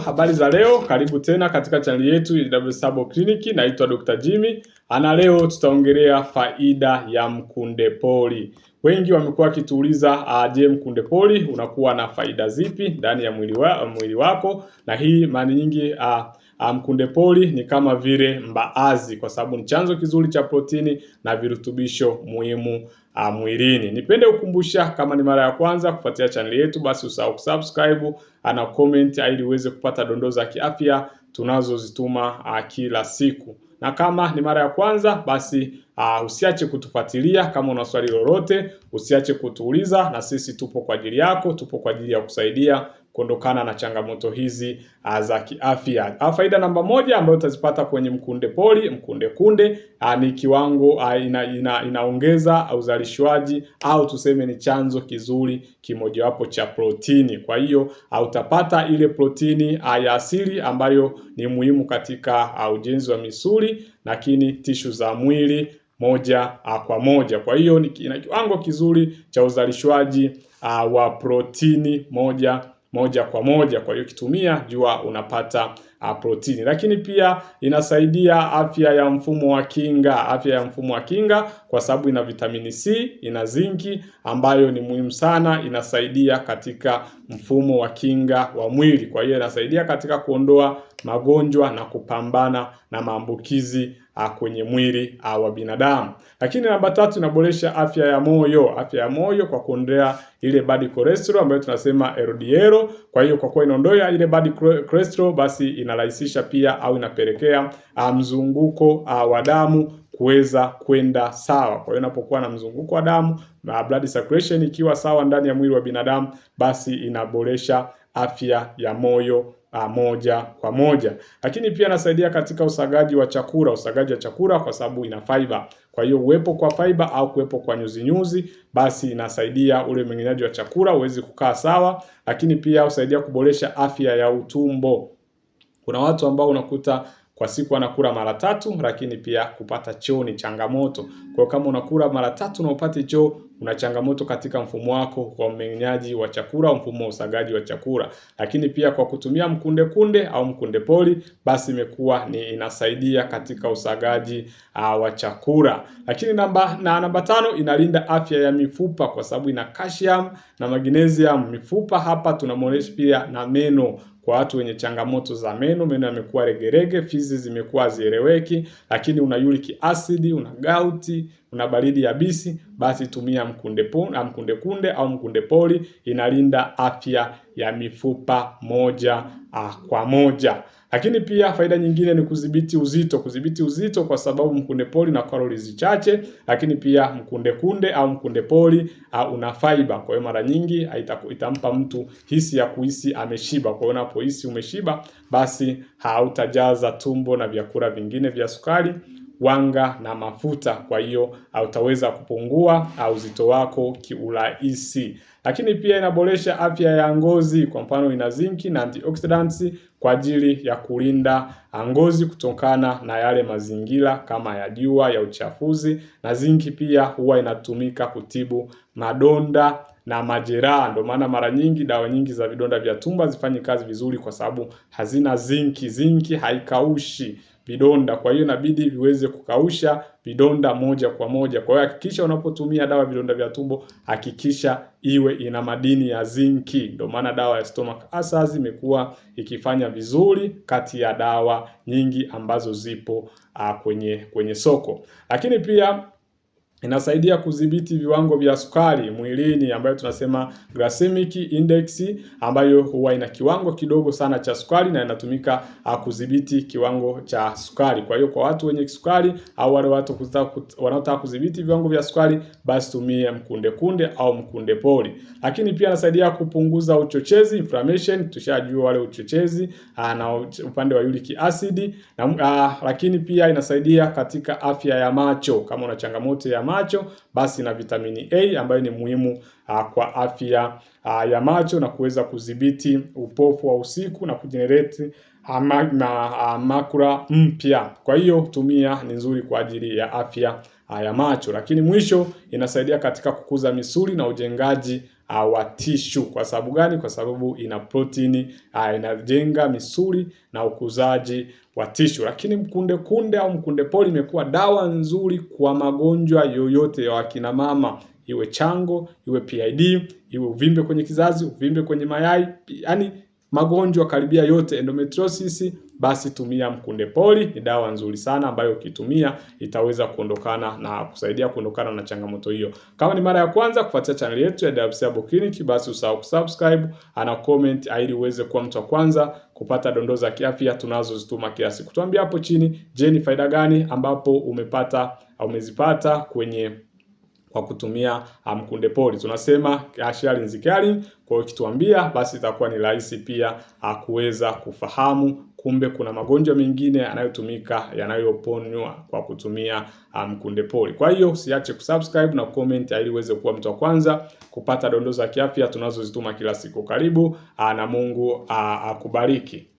habari za leo. Karibu tena katika chaneli yetu ya Wsabo Clinic. Naitwa Dr. Jimmy ana. Leo tutaongelea faida ya mkundepori. Wengi wamekuwa wakituuliza ah, je, poli unakuwa na faida zipi ndani ya mwili, wa, mwili wako na hii mara nyingi uh, mkunde poli ni kama vile mbaazi, kwa sababu ni chanzo kizuri cha protini na virutubisho muhimu ah, mwilini. Nipende kukumbusha, kama ni mara ya kwanza kufuatia chaneli yetu, basi usahau kusubscribe ah, na comment, ah, ili uweze kupata dondoo za kiafya tunazozituma kila siku, na kama ni mara ya kwanza basi Uh, usiache kutufuatilia. Kama una swali lolote, usiache kutuuliza, na sisi tupo kwa ajili yako, tupo kwa ajili ya kusaidia kuondokana na changamoto hizi ah, za kiafya. Ah, faida namba moja ambayo utazipata kwenye mkunde poli, mkunde kunde a, ah, ni kiwango inaongeza ina, ina, inaongeza uzalishwaji au tuseme ni chanzo kizuri kimojawapo cha protini. Kwa hiyo utapata ile protini ya asili ambayo ni muhimu katika a, ujenzi wa misuli lakini tishu za mwili moja a, kwa moja. Kwa hiyo ina kiwango kizuri cha uzalishwaji wa protini moja moja kwa moja. Kwa hiyo ukitumia jua unapata protini, lakini pia inasaidia afya ya mfumo wa kinga, afya ya mfumo wa kinga kwa sababu ina vitamini C, ina zinki ambayo ni muhimu sana, inasaidia katika mfumo wa kinga wa mwili. Kwa hiyo inasaidia katika kuondoa magonjwa na kupambana na maambukizi kwenye mwili wa binadamu. Lakini namba tatu, inaboresha afya ya moyo, afya ya moyo kwa kuondoa ile bad cholesterol ambayo tunasema LDL. Kwa hiyo kwa kuwa inaondoa ile bad cholesterol basi ina inarahisisha pia au inapelekea ah, mzunguko ah, wa damu kuweza kwenda sawa. Kwa hiyo unapokuwa na mzunguko wa damu na blood circulation ikiwa sawa ndani ya mwili wa binadamu, basi inaboresha afya ya moyo a, ah, moja kwa moja, lakini pia inasaidia katika usagaji wa chakula, usagaji wa chakula kwa sababu ina fiber. Kwa hiyo uwepo kwa fiber au kuwepo kwa nyuzi -nyuzi, basi inasaidia ule mmeng'enyaji wa chakula uweze kukaa sawa, lakini pia usaidia kuboresha afya ya utumbo. Kuna watu ambao unakuta kwa siku anakula mara tatu, lakini pia kupata choo ni changamoto. Kwa kama unakula mara tatu na upate choo, una changamoto katika mfumo wako wa mmeng'enyaji wa chakula, mfumo wa usagaji wa chakula. Lakini pia kwa kutumia mkunde kunde au mkunde poli, basi imekuwa ni inasaidia katika usagaji uh, wa chakula. Lakini namba na namba tano inalinda afya ya mifupa kwa sababu ina calcium na magnesium. Mifupa hapa tunamuonesha pia na meno kwa watu wenye changamoto za meno. Meno yamekuwa regerege, fizi zimekuwa hazieleweki, lakini una uric acid, una gauti una baridi yabisi, basi tumia mkunde punde, mkunde kunde au mkunde poli, inalinda afya ya mifupa moja a, ah, kwa moja. Lakini pia faida nyingine ni kudhibiti uzito, kudhibiti uzito kwa sababu mkunde poli na calories chache, lakini pia mkunde kunde au mkunde poli a, ah, una fiber. Kwa hiyo mara nyingi itampa mtu hisi ya kuhisi ameshiba. Kwa hiyo unapohisi umeshiba, basi hautajaza tumbo na vyakula vingine vya sukari wanga na mafuta, kwa hiyo hautaweza kupungua au uzito wako kiurahisi. Lakini pia inaboresha afya ya ngozi, kwa mfano ina zinki na antioxidants kwa ajili ya kulinda ngozi kutokana na yale mazingira kama ya jua, ya uchafuzi na zinki pia huwa inatumika kutibu madonda na majeraha. Ndio maana mara nyingi dawa nyingi za vidonda vya tumbo zifanye kazi vizuri, kwa sababu hazina zinki. Zinki haikaushi vidonda, kwa hiyo inabidi viweze kukausha vidonda moja kwa moja. Kwa hiyo hakikisha unapotumia dawa vidonda vya tumbo, hakikisha iwe ina madini ya zinki. Ndio maana dawa ya stomach acids imekuwa ikifanya vizuri kati ya dawa nyingi ambazo zipo a, ah, kwenye kwenye soko, lakini pia inasaidia kudhibiti viwango vya sukari mwilini ambayo tunasema glycemic index ambayo huwa ina kiwango kidogo sana cha sukari na inatumika ah, kudhibiti kiwango cha sukari. Kwa hiyo kwa watu wenye sukari au wale watu wanaotaka kudhibiti viwango vya sukari, basi tumie mkunde kunde au mkunde pori. Lakini pia inasaidia kupunguza uchochezi inflammation, tushajua wale uchochezi ah, na upande wa uric acid na, a, ah, lakini pia inasaidia katika afya ya macho kama una changamoto ya macho, macho, basi na vitamini A ambayo ni muhimu uh, kwa afya uh, ya macho na kuweza kudhibiti upofu wa usiku na kujenereti ah, makura mpya. Kwa hiyo tumia, ni nzuri kwa ajili ya afya ya macho, lakini mwisho inasaidia katika kukuza misuli na ujengaji wa tishu. Kwa sababu gani? Kwa sababu ina protini, inajenga misuli na ukuzaji wa tishu. Lakini mkunde kunde au mkunde poli imekuwa dawa nzuri kwa magonjwa yoyote ya wakina mama, iwe chango, iwe PID, iwe uvimbe kwenye kizazi, uvimbe kwenye mayai, yani magonjwa karibia yote endometriosis, basi tumia mkunde poli. Ni dawa nzuri sana ambayo ukitumia itaweza kuondokana na kusaidia kuondokana na changamoto hiyo. Kama ni mara ya kwanza kufuatia channel yetu ya Dabsiabo Clinic, basi usahau kusubscribe ana comment ili uweze kuwa mtu wa kwanza kupata dondoo za kiafya tunazozituma kila siku. Tuambie hapo chini, je, ni faida gani ambapo umepata au umezipata kwenye kwa kutumia mkunde um, poli tunasema sharing is Kwa hiyo ukituambia, basi itakuwa ni rahisi pia uh, kuweza kufahamu kumbe kuna magonjwa mengine yanayotumika yanayoponywa kwa kutumia mkunde um, poli. Kwa hiyo usiache kusubscribe na comment ili uweze kuwa mtu wa kwanza kupata dondoo za kiafya tunazozituma kila siku. Karibu uh, na Mungu uh, akubariki.